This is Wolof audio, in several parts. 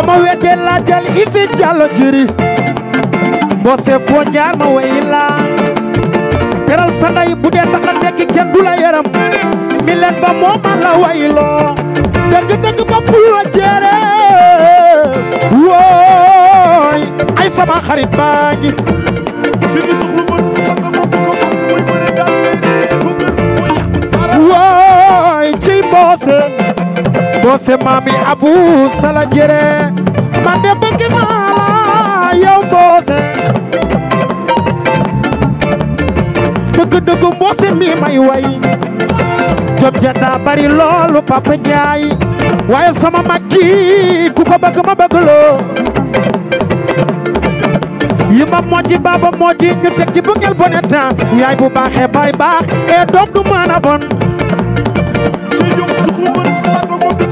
we ma la laajal ifi jalo jiri boo see foo jaar ma we la teral sa yi bu dee tax a nekk kenn yaram mi ba moom a la wayloo dëgg dëgg ba puloo jere Woy ay sama xarit baa Woy sini soxlu Bosse mami Abu Sala man de bëgg naa la yow Bosse dëgg-dëgg Bosse mi may way jom ja daa bari loolu Papa Ndiaye waaye sama mag ji ku ko bëgg ma bëgg loo yi ma moji baba moji ñu teg ci bëggel boneta yaay bu baaxee bay baax e doom du mën a bon ci jom suxu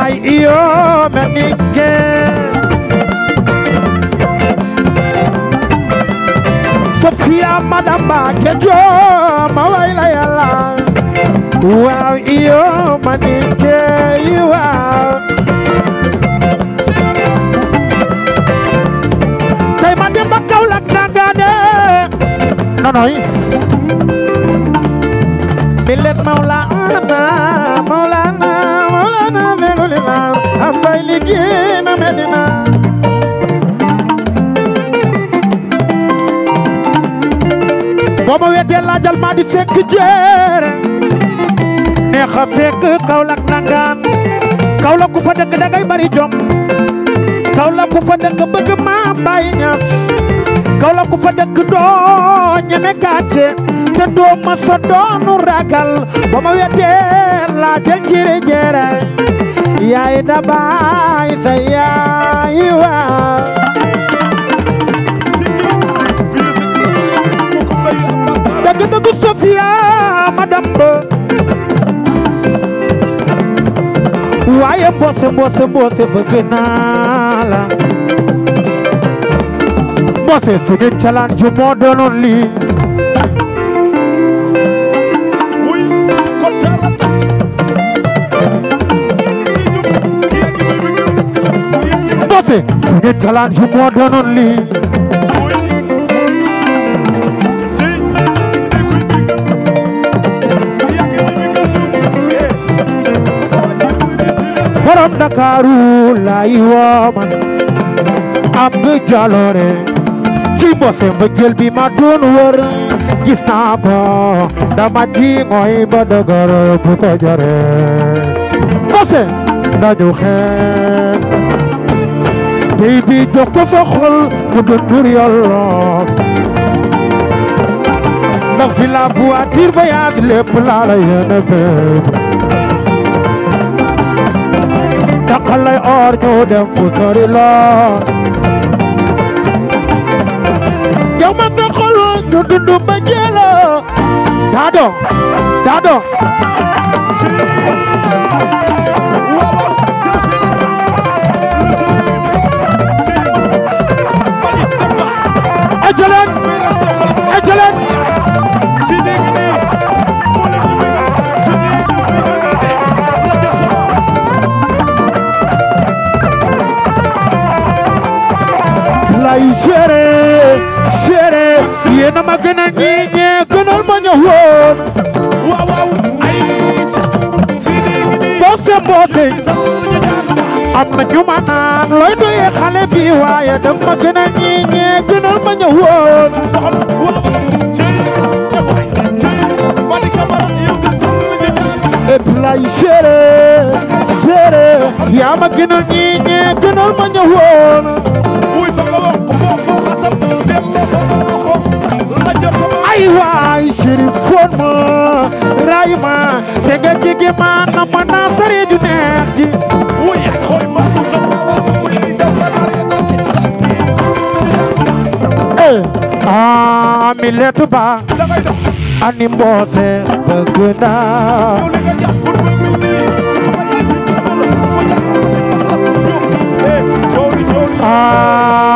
vai io me nikke Sophia madamba kejo mawai la yala Wow io me nikke iwa Tay madamba kaulak nagane nó nói. boo wete la dal ma di fek jeer neex a fekk Kaolack nangaan Kaolack ku fa dëkk da ngay bari jom Kaolack ku fa dëkk bëgg maa bàyyi ñaas Kaolack ku fa dëkk doo ñeme kàcce te do ma do nu ragal boo ma weetee laajal jire jeeraay yaay da bay sa yaay dëgg-dëgg Sofia madame ba waaye mboose mboose mboose bëgg naa la mboose suñu calaan ju moo doonoon lii lii borom Ndakaaru lay woo man am nga jaloore ci mbose mbëggeel bi ma doon wër gis naa ko dama ji mooy ba dëgër bu ko jare mbose dañu xeet tey bi jox ko xol mu doon tur yàlla ndax fi la bu atir ba yaat lépp laa la xale or ñu dem fu sori lool yow man de xol ñu dund ba jeela daa doon daa doon ay seere seere yéen a ma gën a ñii ñee gënal ma ñëwoon waaw waaw ay boo semboo tey am na ñu ma naan looy doyee xale bi waaye da ma gën a ñii ñee gënal ma ñëwoon eblay seere seere yaa ma gën a ñii ñee gënal ma ñëwoon woon ma raay ma te nga jege ma na ma naa sare ju neex ji wuye xooy ma du la ma war ma wuli di dem ba nare na ci tàmmi ah mi leetu ba ani mboose bëgg naa Ah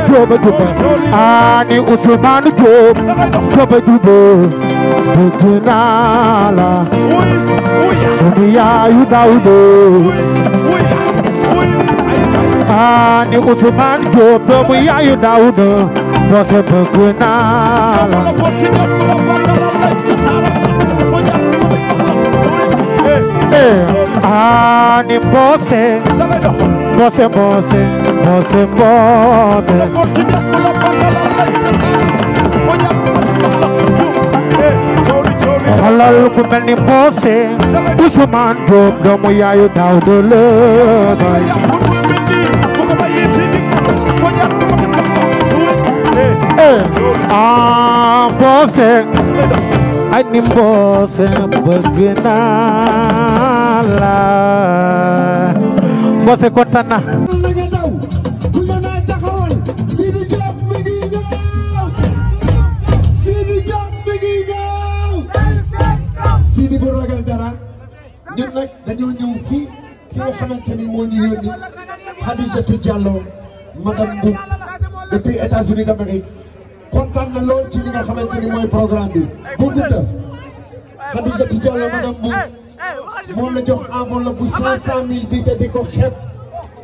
juba juba juba ani Ousmane Diop juba juba bëgg naa la sunu yaayu Daawuda ani Ousmane Diop Mose, Mose, Mose, Mose. Xolal ku mel ni Mose Ousmane Diop doomu yaayu daaw do le ah mboose ay ni mboose bëgg naa la Kose kontaan na. Sidi bu ragal dara ñun nag dañoo ñëw fii ki xamante ni moo ñu yónni Khadijatou Diallo lool ci li nga xamante ni mooy programme bi bu gudda Khadijatu Diallo madame Diouf moom la jox enveloppe bu 500000 bi te di ko xeeb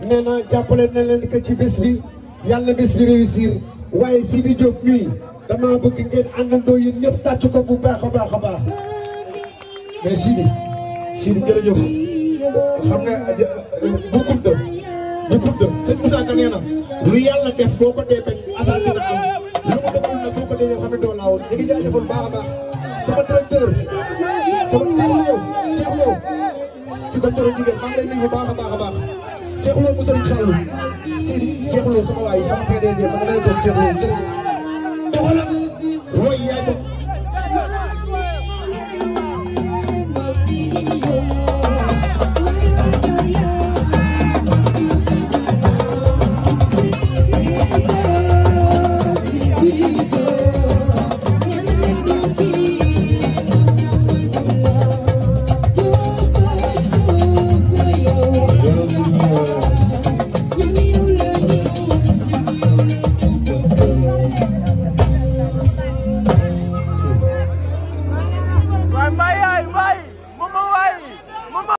nee na jàppale na leen que ci bés bi yàlla bés bi réussir waaye Sidi Diop mii dama bëgg ngeen àndandoo yéen ñëpp tàcc ko bu baax a baax a baax mais Sidi Sidi jërëjëf xam nga bu gudd bu gudd sëñ Moussa Ka nee na lu yàlla def boo ko dee bañ asal dina am lu mu defal na boo ko dee yow xam ne doo laawoon ñu ngi jaajëfal baax a baax sama directeur sama Cheikh Lo Cheikh Lo si ko coro jigéen maa ngi lay baax a baax a baax Cheikh Lo mu sëriñ Fallou si Cheikh Lo sama waay sama PDG ma